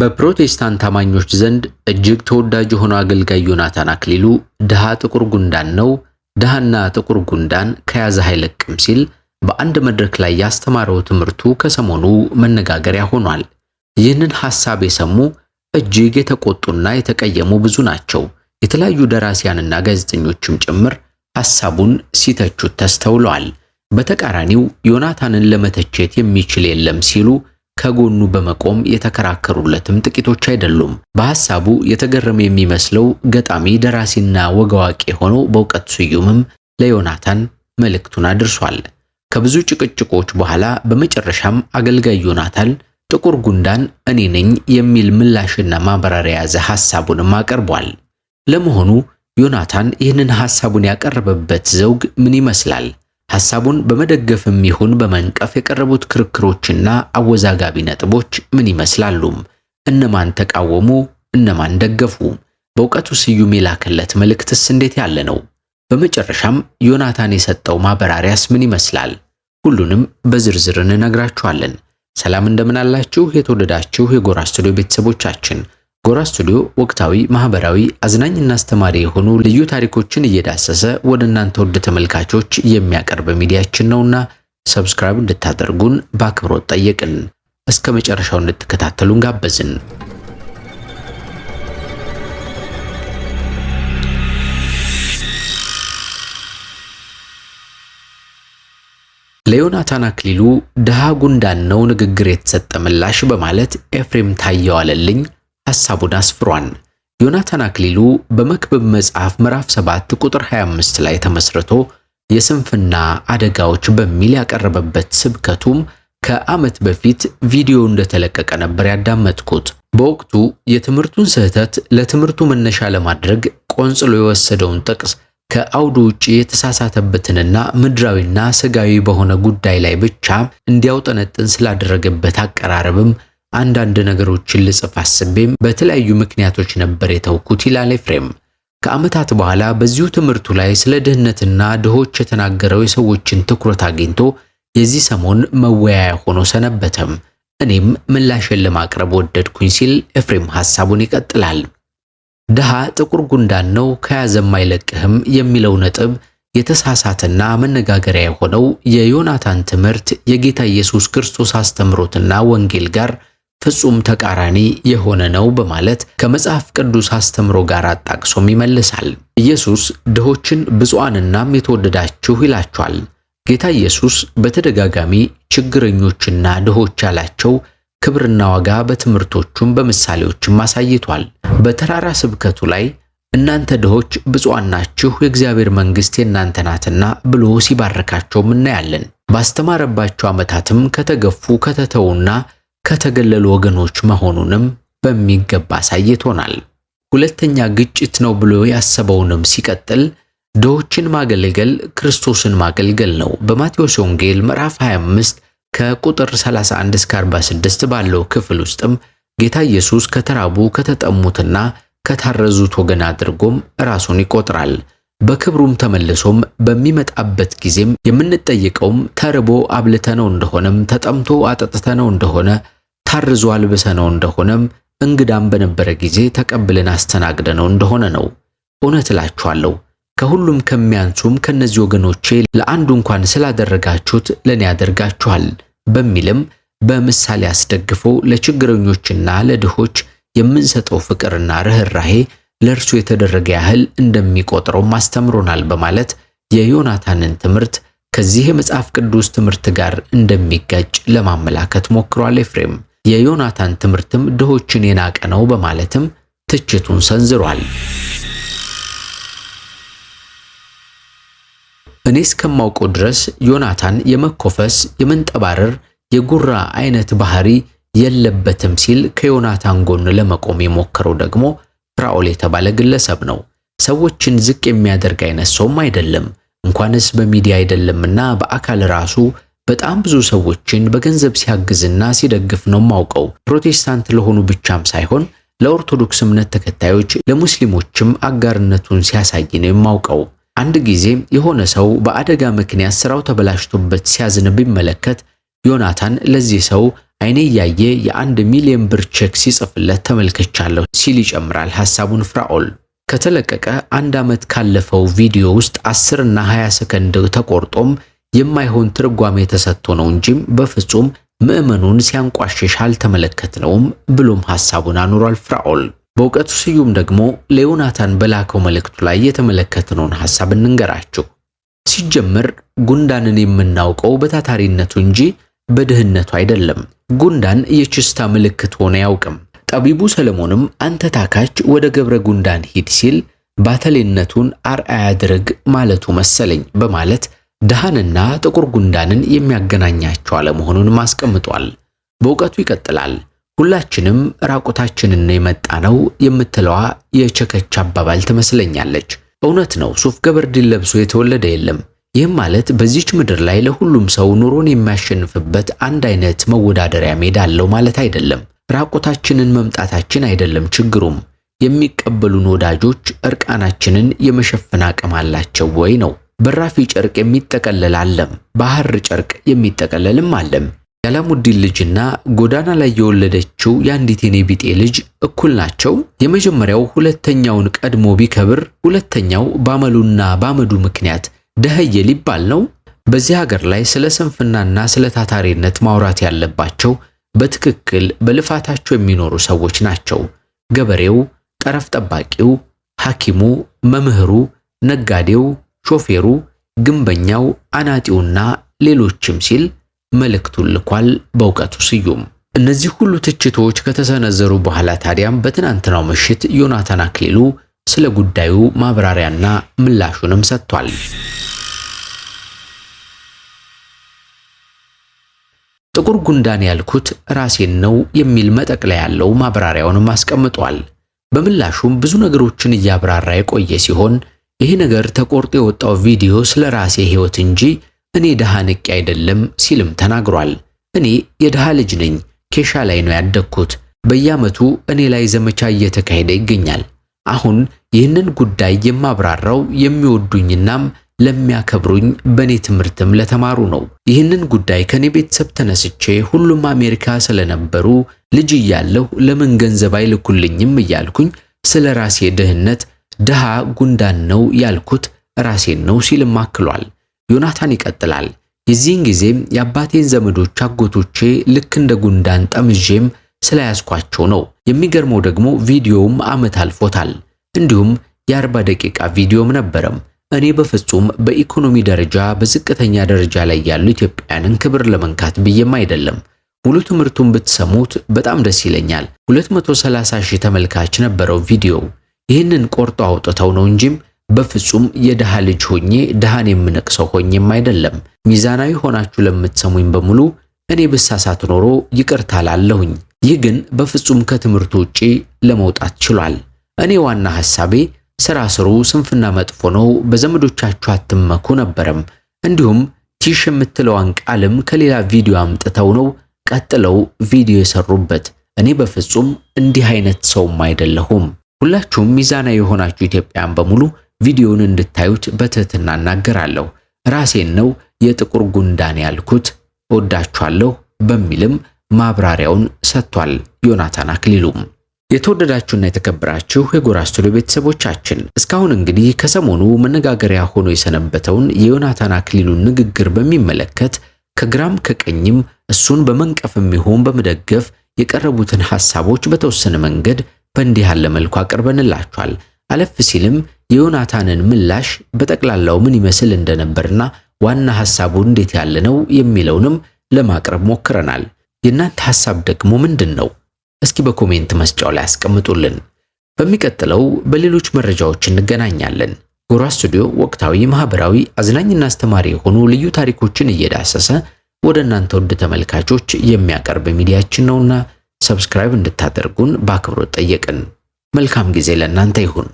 በፕሮቴስታንት አማኞች ዘንድ እጅግ ተወዳጅ የሆነው አገልጋይ ዮናታን አክሊሉ ድሃ ጥቁር ጉንዳን ነው፣ ድሃና ጥቁር ጉንዳን ከያዘ አይለቅም ሲል በአንድ መድረክ ላይ ያስተማረው ትምህርቱ ከሰሞኑ መነጋገሪያ ሆኗል። ይህንን ሐሳብ የሰሙ እጅግ የተቆጡና የተቀየሙ ብዙ ናቸው። የተለያዩ ደራሲያንና ጋዜጠኞችም ጭምር ሐሳቡን ሲተቹት ተስተውለዋል። በተቃራኒው ዮናታንን ለመተቸት የሚችል የለም ሲሉ ከጎኑ በመቆም የተከራከሩለትም ጥቂቶች አይደሉም። በሐሳቡ የተገረመ የሚመስለው ገጣሚ ደራሲና ወግ አዋቂ የሆነው በእውቀት ስዩምም ለዮናታን መልእክቱን አድርሷል። ከብዙ ጭቅጭቆች በኋላ በመጨረሻም አገልጋይ ዮናታን ጥቁር ጉንዳን እኔ ነኝ የሚል ምላሽና ማብራሪያ የያዘ ሐሳቡንም አቀርቧል። ለመሆኑ ዮናታን ይህንን ሐሳቡን ያቀረበበት ዘውግ ምን ይመስላል? ሐሳቡን በመደገፍም ይሁን በመንቀፍ የቀረቡት ክርክሮችና አወዛጋቢ ነጥቦች ምን ይመስላሉ? እነማን ተቃወሙ? እነማን ደገፉ? በእውቀቱ ስዩም የላከለት መልእክትስ እንዴት ያለ ነው? በመጨረሻም ዮናታን የሰጠው ማብራሪያስ ምን ይመስላል? ሁሉንም በዝርዝር እንነግራችኋለን። ሰላም እንደምን አላችሁ? የተወደዳችሁ የጎራ ስቱዲዮ ቤተሰቦቻችን ጎራ ስቱዲዮ ወቅታዊ፣ ማህበራዊ፣ አዝናኝና አስተማሪ የሆኑ ልዩ ታሪኮችን እየዳሰሰ ወደ እናንተ ውድ ተመልካቾች የሚያቀርብ ሚዲያችን ነውና ሰብስክራይብ እንድታደርጉን በአክብሮት ጠየቅን። እስከ መጨረሻው እንድትከታተሉን ጋበዝን። ለዮናታን አክሊሉ ድሃ ጉንዳን ነው ንግግር የተሰጠ ምላሽ በማለት ኤፍሬም ታየዋለልኝ ሐሳቡን አስፍሯል። ዮናታን አክሊሉ በመክብብ መጽሐፍ ምዕራፍ 7 ቁጥር 25 ላይ ተመስርቶ የስንፍና አደጋዎች በሚል ያቀረበበት ስብከቱም ከዓመት በፊት ቪዲዮ እንደተለቀቀ ነበር ያዳመጥኩት። በወቅቱ የትምህርቱን ስህተት ለትምህርቱ መነሻ ለማድረግ ቆንጽሎ የወሰደውን ጥቅስ ከአውዱ ውጪ የተሳሳተበትንና ምድራዊና ስጋዊ በሆነ ጉዳይ ላይ ብቻ እንዲያውጠነጥን ስላደረገበት አቀራረብም አንዳንድ ነገሮችን ልጽፍ አስቤም በተለያዩ ምክንያቶች ነበር የተውኩት ይላል ኤፍሬም። ከዓመታት በኋላ በዚሁ ትምህርቱ ላይ ስለ ድህነትና ድሆች የተናገረው የሰዎችን ትኩረት አግኝቶ የዚህ ሰሞን መወያያ ሆኖ ሰነበተም። እኔም ምላሽን ለማቅረብ ወደድኩኝ ሲል ኤፍሬም ሐሳቡን ይቀጥላል። ድሃ ጥቁር ጉንዳን ነው ከያዘም አይለቅህም የሚለው ነጥብ የተሳሳተና መነጋገሪያ የሆነው የዮናታን ትምህርት የጌታ ኢየሱስ ክርስቶስ አስተምሮትና ወንጌል ጋር ፍጹም ተቃራኒ የሆነ ነው በማለት ከመጽሐፍ ቅዱስ አስተምሮ ጋር አጣቅሶም ይመልሳል። ኢየሱስ ድሆችን ብፁዓንናም የተወደዳችሁ ይላቸዋል። ጌታ ኢየሱስ በተደጋጋሚ ችግረኞችና ድሆች ያላቸው ክብርና ዋጋ በትምህርቶቹም በምሳሌዎችም አሳይቷል። በተራራ ስብከቱ ላይ እናንተ ድሆች ብፁዓን ናችሁ የእግዚአብሔር መንግሥት የእናንተ ናትና ብሎ ሲባርካቸውም እናያለን። ባስተማረባቸው ዓመታትም ከተገፉ ከተተውና ከተገለሉ ወገኖች መሆኑንም በሚገባ አሳይቶናል። ሁለተኛ ግጭት ነው ብሎ ያሰበውንም ሲቀጥል ድሆችን ማገልገል ክርስቶስን ማገልገል ነው። በማቴዎስ ወንጌል ምዕራፍ 25 ከቁጥር 31 እስከ 46 ባለው ክፍል ውስጥም ጌታ ኢየሱስ ከተራቡ ከተጠሙትና ከታረዙት ወገን አድርጎም ራሱን ይቆጥራል። በክብሩም ተመልሶም በሚመጣበት ጊዜም የምንጠይቀውም ተርቦ አብልተነው እንደሆነም ተጠምቶ አጠጥተነው እንደሆነ ታርዞ አልብሰነው እንደሆነም እንግዳም በነበረ ጊዜ ተቀብለን አስተናግደነው እንደሆነ ነው። እውነት እላችኋለሁ ከሁሉም ከሚያንሱም ከነዚህ ወገኖቼ ለአንዱ እንኳን ስላደረጋችሁት ለኔ ያደርጋችኋል በሚልም በምሳሌ አስደግፎ ለችግረኞችና ለድሆች የምንሰጠው ፍቅርና ርኅራሄ ለእርሱ የተደረገ ያህል እንደሚቆጥረውም አስተምሮናል በማለት የዮናታንን ትምህርት ከዚህ የመጽሐፍ ቅዱስ ትምህርት ጋር እንደሚጋጭ ለማመላከት ሞክሯል ኤፍሬም። የዮናታን ትምህርትም ድሆችን የናቀ ነው በማለትም ትችቱን ሰንዝሯል። እኔ እስከማውቀው ድረስ ዮናታን የመኮፈስ፣ የመንጠባረር፣ የጉራ አይነት ባህሪ የለበትም ሲል ከዮናታን ጎን ለመቆም የሞከረው ደግሞ ፍራኦል የተባለ ግለሰብ ነው። ሰዎችን ዝቅ የሚያደርግ አይነት ሰውም አይደለም። እንኳንስ በሚዲያ አይደለምና በአካል ራሱ በጣም ብዙ ሰዎችን በገንዘብ ሲያግዝና ሲደግፍ ነው ማውቀው። ፕሮቴስታንት ለሆኑ ብቻም ሳይሆን ለኦርቶዶክስ እምነት ተከታዮች ለሙስሊሞችም አጋርነቱን ሲያሳይ ነው የማውቀው። አንድ ጊዜ የሆነ ሰው በአደጋ ምክንያት ስራው ተበላሽቶበት ሲያዝን ቢመለከት ዮናታን ለዚህ ሰው አይኔ እያየ የአንድ ሚሊዮን ብር ቼክ ሲጽፍለት ተመልክቻለሁ ሲል ይጨምራል ሐሳቡን ፍራኦል። ከተለቀቀ አንድ ዓመት ካለፈው ቪዲዮ ውስጥ 10 እና 20 ሰከንድ ተቆርጦም የማይሆን ትርጓሜ ተሰጥቶ ነው እንጂም በፍጹም ምዕመኑን ሲያንቋሽሽ አልተመለከትነውም ብሎም ሐሳቡን አኑሯል ፍራኦል። በእውቀቱ ስዩም ደግሞ ለዮናታን በላከው መልእክቱ ላይ የተመለከትነውን ሐሳብ እንንገራችሁ። ሲጀምር ጉንዳንን የምናውቀው በታታሪነቱ እንጂ በድህነቱ አይደለም። ጉንዳን የችስታ ምልክት ሆነ አያውቅም። ጠቢቡ ሰለሞንም አንተ ታካች ወደ ገብረ ጉንዳን ሂድ ሲል ባተሌነቱን አርአያ አድርግ ማለቱ መሰለኝ በማለት ድሃንና ጥቁር ጉንዳንን የሚያገናኛቸው አለመሆኑን አስቀምጧል። በእውቀቱ ይቀጥላል። ሁላችንም ራቁታችንን የመጣ ነው የምትለዋ የቸከች አባባል ትመስለኛለች። እውነት ነው፣ ሱፍ ገበርዲን ለብሶ የተወለደ የለም። ይህም ማለት በዚች ምድር ላይ ለሁሉም ሰው ኑሮን የሚያሸንፍበት አንድ አይነት መወዳደሪያ ሜዳ አለው ማለት አይደለም። ራቁታችንን መምጣታችን አይደለም ችግሩም፣ የሚቀበሉን ወዳጆች እርቃናችንን የመሸፈን አቅም አላቸው ወይ ነው። በራፊ ጨርቅ የሚጠቀለል አለም፣ በሐር ጨርቅ የሚጠቀለልም አለም። የአላሙዲን ልጅና ጎዳና ላይ የወለደችው የአንዲት የኔ ቢጤ ልጅ እኩል ናቸው። የመጀመሪያው ሁለተኛውን ቀድሞ ቢከብር፣ ሁለተኛው ባመሉና ባመዱ ምክንያት ደህየ ሊባል ነው። በዚህ ሀገር ላይ ስለ ስንፍናና ስለ ታታሪነት ማውራት ያለባቸው በትክክል በልፋታቸው የሚኖሩ ሰዎች ናቸው። ገበሬው፣ ጠረፍ ጠባቂው፣ ሐኪሙ፣ መምህሩ፣ ነጋዴው ሾፌሩ፣ ግንበኛው፣ አናጢውና ሌሎችም ሲል መልእክቱን ልኳል። በእውቀቱ ስዩም እነዚህ ሁሉ ትችቶች ከተሰነዘሩ በኋላ ታዲያም በትናንትናው ምሽት ዮናታን አክሊሉ ስለ ጉዳዩ ማብራሪያና ምላሹንም ሰጥቷል። ጥቁር ጉንዳን ያልኩት ራሴን ነው የሚል መጠቅለያ ያለው ማብራሪያውንም አስቀምጧል። በምላሹም ብዙ ነገሮችን እያብራራ የቆየ ሲሆን ይህ ነገር ተቆርጦ የወጣው ቪዲዮ ስለ ራሴ ህይወት እንጂ እኔ ድሃ ንቄ አይደለም ሲልም ተናግሯል። እኔ የድሃ ልጅ ነኝ። ኬሻ ላይ ነው ያደግኩት። በየዓመቱ እኔ ላይ ዘመቻ እየተካሄደ ይገኛል። አሁን ይህንን ጉዳይ የማብራራው የሚወዱኝናም ለሚያከብሩኝ በእኔ ትምህርትም ለተማሩ ነው። ይህንን ጉዳይ ከእኔ ቤተሰብ ተነስቼ ሁሉም አሜሪካ ስለነበሩ ልጅ እያለሁ ለምን ገንዘብ አይልኩልኝም እያልኩኝ ስለ ራሴ ድህነት ድሃ ጉንዳን ነው ያልኩት ራሴን ነው ሲልም አክሏል። ዮናታን ይቀጥላል። የዚህን ጊዜም የአባቴን ዘመዶች አጎቶቼ ልክ እንደ ጉንዳን ጠምዤም ስለያዝኳቸው ነው። የሚገርመው ደግሞ ቪዲዮውም ዓመት አልፎታል። እንዲሁም የአርባ ደቂቃ ቪዲዮም ነበረም። እኔ በፍጹም በኢኮኖሚ ደረጃ በዝቅተኛ ደረጃ ላይ ያሉ ኢትዮጵያውያንን ክብር ለመንካት ብዬም አይደለም። ሙሉ ትምህርቱን ብትሰሙት በጣም ደስ ይለኛል። 230 ሺህ ተመልካች ነበረው ቪዲዮው። ይህንን ቆርጦ አውጥተው ነው እንጂም በፍጹም የድሃ ልጅ ሆኜ ድሃን የምነቅሰው ሆኜም አይደለም። ሚዛናዊ ሆናችሁ ለምትሰሙኝ በሙሉ እኔ ብሳሳት ኖሮ ይቅርታ ላለሁኝ። ይህ ግን በፍጹም ከትምህርቱ ውጪ ለመውጣት ችሏል። እኔ ዋና ሐሳቤ ስራ ስሩ፣ ስንፍና መጥፎ ነው፣ በዘመዶቻችሁ አትመኩ ነበረም። እንዲሁም ቲሽ የምትለዋን ቃልም ከሌላ ቪዲዮ አምጥተው ነው ቀጥለው ቪዲዮ የሰሩበት። እኔ በፍጹም እንዲህ አይነት ሰውም አይደለሁም። ሁላችሁም ሚዛናዊ የሆናችሁ ኢትዮጵያውያን በሙሉ ቪዲዮውን እንድታዩት በትህትና እናገራለሁ። ራሴን ነው የጥቁር ጉንዳን ያልኩት፣ እወዳችኋለሁ በሚልም ማብራሪያውን ሰጥቷል ዮናታን አክሊሉም። የተወደዳችሁና የተከበራችሁ የጎራ ስቱዲዮ ቤተሰቦቻችን እስካሁን እንግዲህ ከሰሞኑ መነጋገሪያ ሆኖ የሰነበተውን የዮናታን አክሊሉን ንግግር በሚመለከት ከግራም ከቀኝም እሱን በመንቀፍም ይሆን በመደገፍ የቀረቡትን ሐሳቦች በተወሰነ መንገድ በእንዲህ ያለ መልኩ አቅርበንላችኋል። አለፍ ሲልም የዮናታንን ምላሽ በጠቅላላው ምን ይመስል እንደነበርና ዋና ሐሳቡ እንዴት ያለ ነው የሚለውንም ለማቅረብ ሞክረናል። የእናንተ ሐሳብ ደግሞ ምንድን ነው? እስኪ በኮሜንት መስጫው ላይ አስቀምጡልን። በሚቀጥለው በሌሎች መረጃዎች እንገናኛለን። ጎራ ስቱዲዮ ወቅታዊ፣ ማህበራዊ፣ አዝናኝና አስተማሪ የሆኑ ልዩ ታሪኮችን እየዳሰሰ ወደ እናንተ ውድ ተመልካቾች የሚያቀርብ ሚዲያችን ነውና ሰብስክራይብ እንድታደርጉን በአክብሮት ጠየቅን። መልካም ጊዜ ለእናንተ ይሁን።